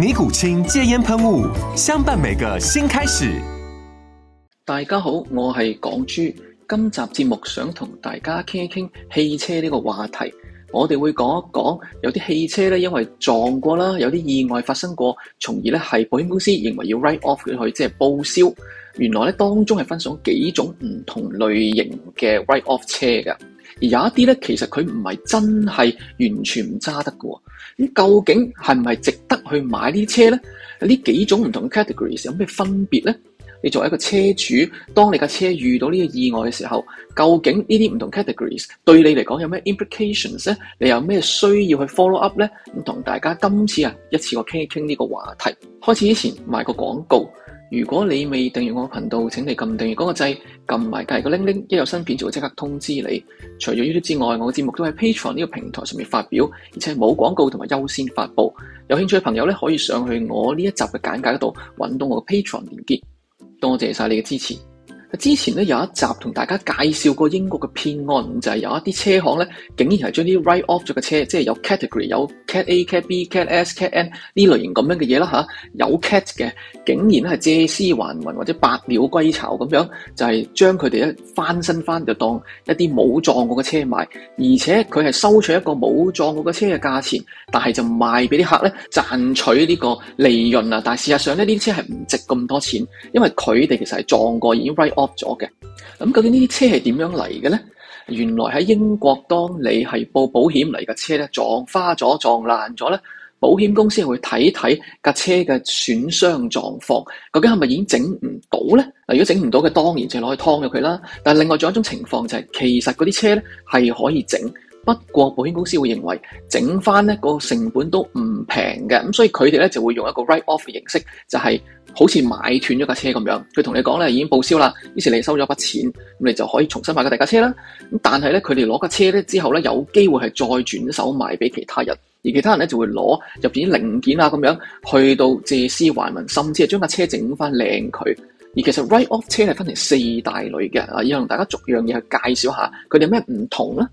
尼古清戒煙噴霧，相伴每個新開始。大家好，我係港珠。今集節目想同大家傾一傾汽車呢個話題。我哋會講一講有啲汽車咧，因為撞過啦，有啲意外發生過，從而咧係保險公司認為要 write off 佢，即係報銷。原來咧，當中係分享幾種唔同類型嘅 write off 車嘅，而有一啲咧，其實佢唔係真係完全唔揸得嘅。咁究竟係唔係值？去買這些車呢啲車咧，呢幾種唔同 categories 有咩分別咧？你作為一個車主，當你架車遇到呢個意外嘅時候，究竟呢啲唔同 categories 對你嚟講有咩 implications 咧？你有咩需要去 follow up 咧？咁同大家今次啊，一次過傾一傾呢個話題。開始之前賣個廣告。如果你未訂閱我嘅頻道，請你撳訂閱嗰個掣，撳埋隔籬個鈴鈴，一有新片就會即刻通知你。除咗 YouTube 之外，我嘅節目都喺 Patreon 呢個平台上面發表，而且冇廣告同埋優先發佈。有興趣嘅朋友咧，可以上去我呢一集嘅簡介嗰度揾到我嘅 Patreon 連結。多謝晒你嘅支持。之前咧有一集同大家介紹過英國嘅騙案，就係有一啲車行咧，竟然係將啲 write off 咗嘅車，即係有 category 有 cat A、cat B、cat S、cat N 呢類型咁樣嘅嘢啦吓，有 cat 嘅，竟然係借屍還魂或者百鳥歸巢咁樣，就係將佢哋一翻身翻就當一啲冇撞過嘅車賣，而且佢係收取一個冇撞過嘅車嘅價錢，但係就賣俾啲客咧賺取呢個利潤啊！但事實上咧呢啲車係唔值咁多錢，因為佢哋其實係撞過已經 write off 咗嘅，咁、嗯、究竟呢啲車係點樣嚟嘅咧？原來喺英國，當你係報保險嚟嘅車咧，撞花咗、撞爛咗咧，保險公司會睇睇架車嘅損傷狀況，究竟係咪已經整唔到咧？如果整唔到嘅，當然就攞去劏咗佢啦。但係另外仲有一種情況就係、是，其實嗰啲車咧係可以整。不過，保險公司會認為整翻呢個成本都唔平嘅，咁所以佢哋呢就會用一個 write off 嘅形式，就係、是、好似買斷咗架車咁樣。佢同你講呢已經報銷啦，於是你收咗筆錢，咁你就可以重新買架第二架車啦。但係呢，佢哋攞架車呢之後呢有機會係再轉手賣俾其他人，而其他人呢就會攞入邊啲零件啊咁樣去到借屍還魂，甚至係將架車整翻靚佢。而其實 write off 車係分成四大類嘅，啊，要同大家逐樣嘢去介紹下佢哋有咩唔同呢。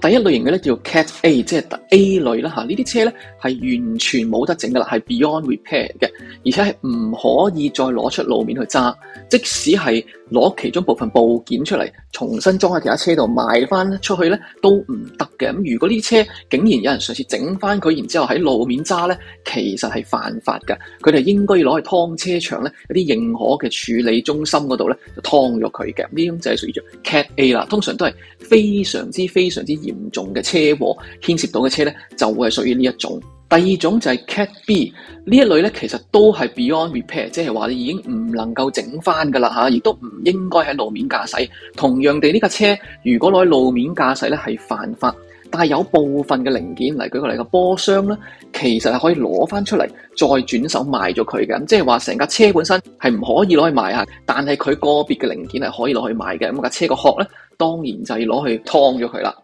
第一類型嘅咧叫 Cat A，即係 A 類啦嚇，呢啲車咧係完全冇得整嘅啦，係 Beyond Repair 嘅，而且係唔可以再攞出路面去揸，即使係，攞其中部分部件出嚟，重新裝喺其他車度賣翻出去咧，都唔得嘅。咁如果呢車竟然有人嘗試整翻佢，然之後喺路面揸咧，其實係犯法嘅。佢哋應該要攞去劏車場咧，有啲認可嘅處理中心嗰度咧就劏咗佢嘅呢種，就係屬於叫 Cat A 啦。通常都係非常之非常之嚴重嘅車禍牽涉到嘅車咧，就會係屬於呢一種。第二種就係 cat B 呢一類咧，其實都係 beyond repair，即係話你已經唔能夠整翻噶啦嚇，亦都唔應該喺路面駕駛。同樣地，呢架車如果攞喺路面駕駛咧係犯法，但係有部分嘅零件，例如舉個例個波箱咧，其實係可以攞翻出嚟再轉手賣咗佢嘅。咁即係話成架車本身係唔可以攞去賣嚇，但係佢個別嘅零件係可以攞去賣嘅。咁架車個殼咧當然就要攞去劏咗佢啦。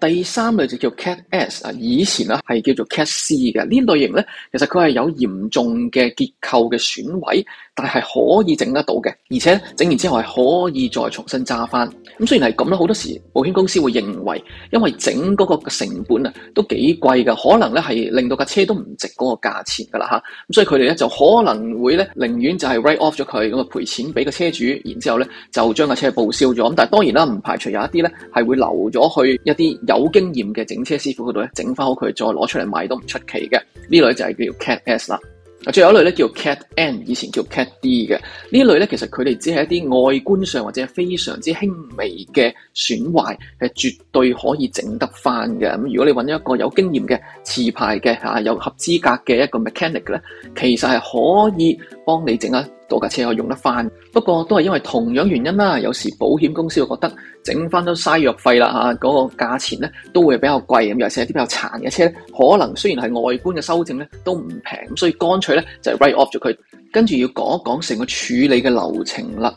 第三類就叫 cat S 啊，以前啦係叫做 cat C 嘅呢類型咧，其實佢係有嚴重嘅結構嘅損毀，但係可以整得到嘅，而且整完之後係可以再重新揸翻。咁、嗯、雖然係咁啦，好多時保險公司會認為，因為整嗰個成本啊都幾貴㗎，可能咧係令到架車都唔值嗰個價錢㗎啦吓，咁、嗯、所以佢哋咧就可能會咧寧願就係 write off 咗佢咁嘅賠錢俾個車主，然之後咧就將架車報銷咗。咁但係當然啦，唔排除有一啲咧係會留咗去一啲。有經驗嘅整車師傅嗰度咧，整翻好佢再攞出嚟賣都唔出奇嘅。呢類就係叫做 Cat S 啦，啊，仲有一類咧叫 Cat N，以前叫 Cat D 嘅。呢類咧其實佢哋只係一啲外觀上或者非常之輕微嘅損壞，係絕對可以整得翻嘅。咁如果你揾一個有經驗嘅持牌嘅嚇、啊、有合資格嘅一個 mechanic 咧，其實係可以幫你整啊。多架車可以用得翻，不過都係因為同樣原因啦。有時保險公司會覺得整翻都嘥藥費啦嚇，嗰、啊嗰個價錢咧都會比較貴咁。尤其係啲比較殘嘅車，可能雖然係外觀嘅修正咧都唔平，所以乾脆咧就 write off 咗佢。跟住要講一講成個處理嘅流程啦。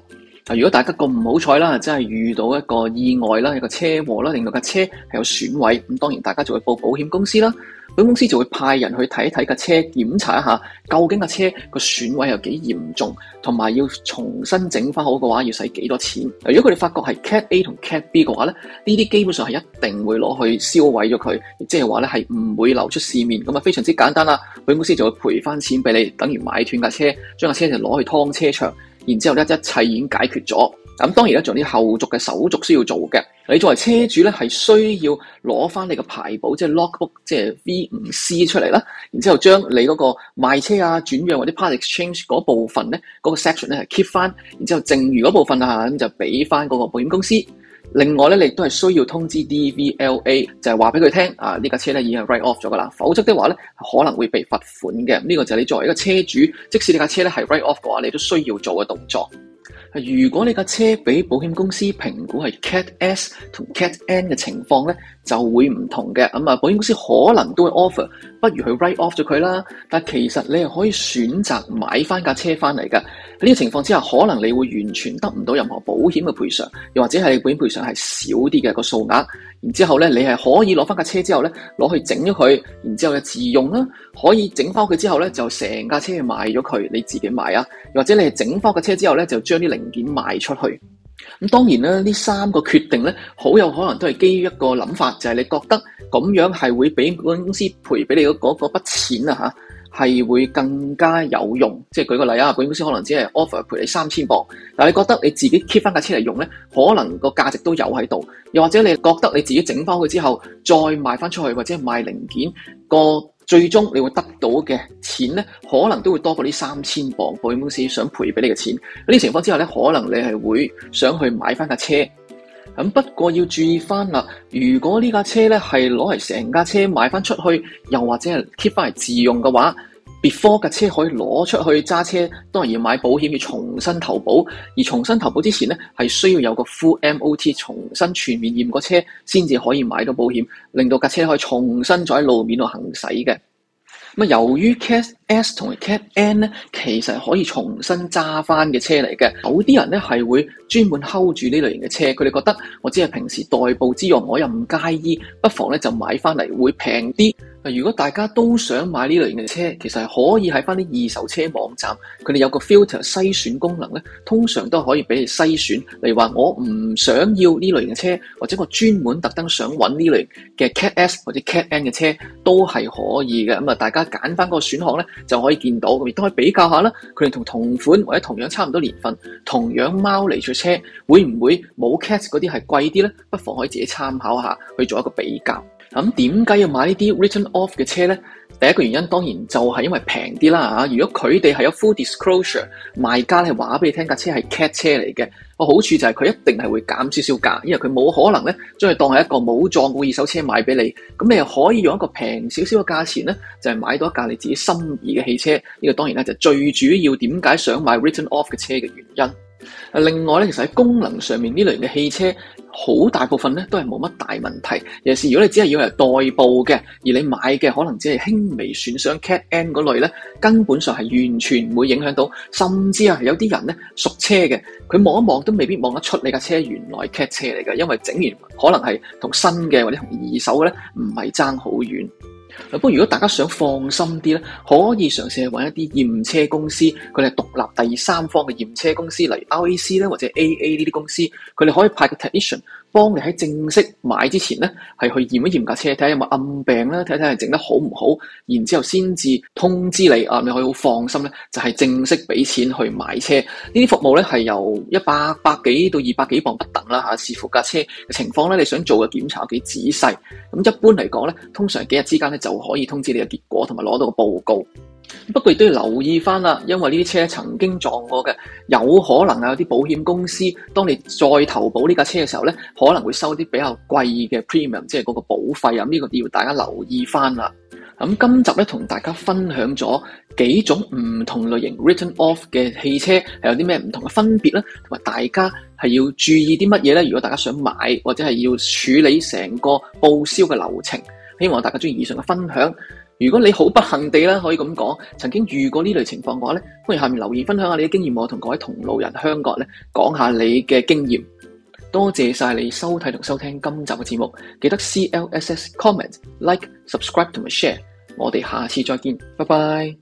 如果大家咁唔好彩啦，真係遇到一個意外啦，一個車禍啦，令到架車係有損毀，咁當然大家就會報保險公司啦。保險公司就會派人去睇一睇架車，檢查一下究竟架車個損毀有幾嚴重，同埋要重新整翻好嘅話，要使幾多錢？如果佢哋發覺係 Cat A 同 Cat B 嘅話咧，呢啲基本上係一定會攞去燒毀咗佢，即係話咧係唔會流出市面。咁啊非常之簡單啦，保險公司就會賠翻錢俾你，等於買斷架車，將架車就攞去劏車場。然之後咧，一切已經解決咗。咁當然咧，仲有啲後續嘅手續需要做嘅。你作為車主咧，係需要攞翻你嘅牌簿，即係 logbook 即係 V 五 C 出嚟啦。然之後將你嗰個賣車啊、轉讓或者 part exchange 嗰部分咧，嗰、嗰個 section 咧係 keep 翻。然之後剩餘嗰部分啊，咁就俾翻嗰個保險公司。另外咧，你都係需要通知 DVLA，就係話俾佢聽啊，呢架車咧已經 write off 咗噶啦，否則的話咧可能會被罰款嘅。呢個就係你作為一個車主，即使你架車咧係 write off 嘅話，你都需要做嘅動作。如果你架車俾保險公司評估係 cat S 同 cat N 嘅情況咧，就會唔同嘅。咁啊，保險公司可能都會 offer，不如去 write off 咗佢啦。但其實你係可以選擇買翻架車翻嚟㗎。呢個情況之下，可能你會完全得唔到任何保險嘅賠償，又或者係你保險賠償係少啲嘅個數額。然之後呢，你係可以攞翻架車之後呢，攞去整咗佢，然之後嘅自用啦，可以整翻佢之後呢，就成架車賣咗佢，你自己賣啊，又或者你係整翻架車之後呢，就將啲零件賣出去。咁當然啦，呢三個決定呢，好有可能都係基於一個諗法，就係、是、你覺得咁樣係會俾保險公司賠俾你嗰嗰筆錢啊嚇係會更加有用，即係舉個例啊，保險公司可能只係 offer 賠你三千磅，但係你覺得你自己 keep 翻架車嚟用咧，可能個價值都有喺度，又或者你覺得你自己整翻佢之後再賣翻出去，或者賣零件，個最終你會得到嘅錢咧，可能都會多過呢三千磅保險公司想賠俾你嘅錢。呢啲情況之下咧，可能你係會想去買翻架車。咁不過要注意翻啦，如果呢架車咧係攞嚟成架車賣翻出去，又或者係 keep 翻嚟自用嘅話，before 架車可以攞出去揸車，當然要買保險，要重新投保。而重新投保之前咧，係需要有個 full MOT，重新全面驗個車，先至可以買到保險，令到架車可以重新再喺路面度行駛嘅。由於 CAT S 同埋 CAT N 咧，其實可以重新揸翻嘅車嚟嘅。有啲人咧係會專門 hold 住呢類型嘅車，佢哋覺得我只係平時代步之用，我又唔介意，不妨咧就買翻嚟會平啲。如果大家都想買呢類型嘅車，其實係可以喺翻啲二手車網站，佢哋有個 filter 篩選功能咧，通常都可以俾你篩選。例如話我唔想要呢類型嘅車，或者我專門特登想揾呢類嘅 cat s 或者 cat n 嘅車，都係可以嘅。咁啊，大家揀翻個選項咧就可以見到，咁亦都可以比較下啦。佢哋同同款或者同樣差唔多年份，同樣貓嚟住車，會唔會冇 cat 嗰啲係貴啲呢？不妨可以自己參考下，去做一個比較。咁點解要買呢啲 written off 嘅車呢？第一個原因當然就係因為平啲啦。如果佢哋係有 full disclosure，賣家係話俾你聽架車係 cat 車嚟嘅，個好處就係佢一定係會減少少價，因為佢冇可能呢將佢當係一個冇撞過二手車買俾你。咁你又可以用一個平少少嘅價錢呢，就係、是、買到一架你自己心儀嘅汽車。呢、這個當然呢，就最主要點解想買 written off 嘅車嘅原因。另外咧，其實喺功能上面呢類型嘅汽車，好大部分咧都係冇乜大問題。尤其是如果你只係要嚟代步嘅，而你買嘅可能只係輕微損傷 cat N 嗰類咧，根本上係完全唔會影響到。甚至啊，有啲人咧熟車嘅，佢望一望都未必望得出你架車原來 cat 車嚟嘅，因為整完可能係同新嘅或者同二手嘅咧唔係爭好遠。不過，如果大家想放心啲咧，可以嘗試去揾一啲驗車公司，佢哋係獨立第三方嘅驗車公司，例如 RAC 咧或者 AA 呢啲公司，佢哋可以派個 technician。幫你喺正式買之前呢，係去驗一驗一架車，睇下有冇暗病啦，睇睇係整得好唔好，然之後先至通知你啊，你可以好放心呢，就係、是、正式俾錢去買車。呢啲服務呢，係由一百百幾到二百幾磅不等啦吓，視、啊、乎架車嘅情況呢，你想做嘅檢查幾仔細。咁一般嚟講呢，通常幾日之間呢就可以通知你嘅結果，同埋攞到個報告。不過亦都要留意翻啦，因為呢啲車曾經撞過嘅，有可能有啲保險公司，當你再投保呢架車嘅時候呢，可能會收啲比較貴嘅 premium，即係嗰個保費啊，呢、這個要大家留意翻啦。咁、嗯、今集呢，同大家分享咗幾種唔同類型 written off 嘅汽車係有啲咩唔同嘅分別呢？同埋大家係要注意啲乜嘢呢？如果大家想買或者係要處理成個報銷嘅流程，希望大家中意以上嘅分享。如果你好不幸地啦，可以咁講，曾經遇過呢類情況嘅話咧，歡迎下面留言分享下你嘅經驗，我同各位同路人香港人咧講下你嘅經驗。多謝晒你收睇同收聽今集嘅節目，記得 CLSS Comment, Like, Subscribe to me share，我哋下次再見，拜拜。